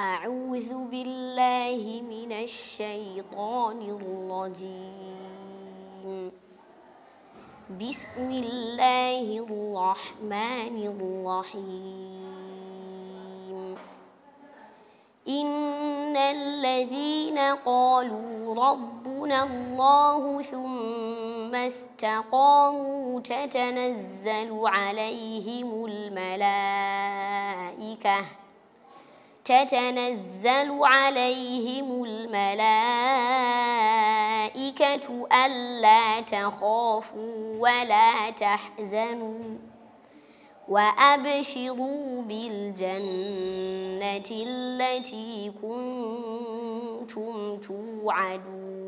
أعوذ بالله من الشيطان الرجيم بسم الله الرحمن الرحيم إن الذين قالوا ربنا الله ثم استقاموا تتنزل عليهم الملائكة تتنزل عليهم الملائكة ألا تخافوا ولا تحزنوا وأبشروا بالجنة التي كنتم توعدون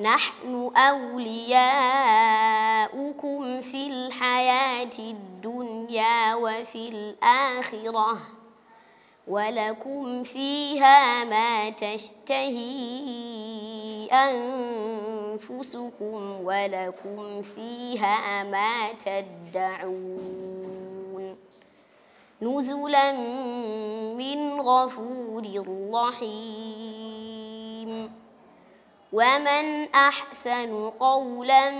نحن أولياؤكم في الحياة الدنيا وفي الآخرة ولكم فيها ما تشتهي أنفسكم ولكم فيها ما تدعون نزلا من غفور رحيم ومن احسن قولا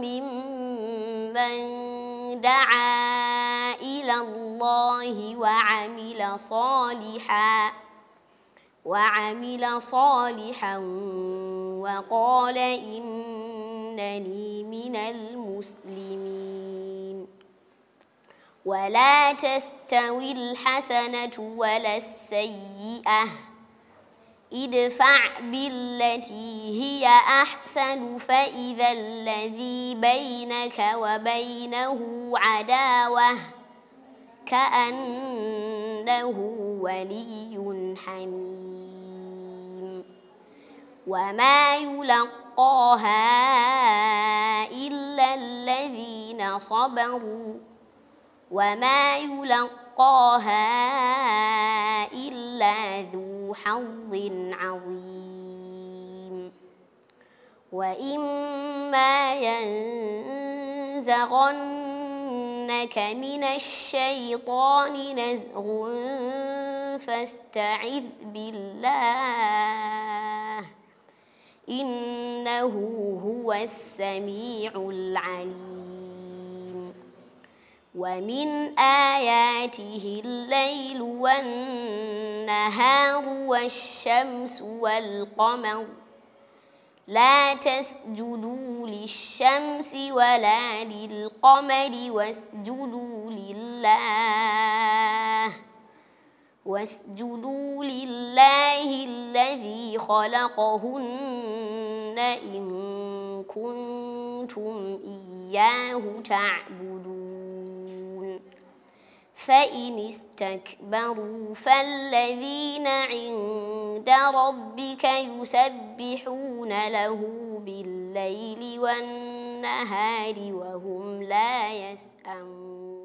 ممن دعا الى الله وعمل صالحا وعمل صالحا وقال انني من المسلمين ولا تستوي الحسنه ولا السيئه ادفع بالتي هي احسن فاذا الذي بينك وبينه عداوه كانه ولي حميم وما يلقاها الا الذين صبروا وما يلقاها الا ذو حظ عظيم وإما ينزغنك من الشيطان نزغ فاستعذ بالله إنه هو السميع العليم ومن آياته الليل والنهار والشمس والقمر لا تسجدوا للشمس ولا للقمر واسجدوا لله واسجدوا لله الذي خلقهن إن كنتم إياه تعبدون فإن استكبروا فالذين عند ربك يسبحون له بالليل والنهار وهم لا يسأمون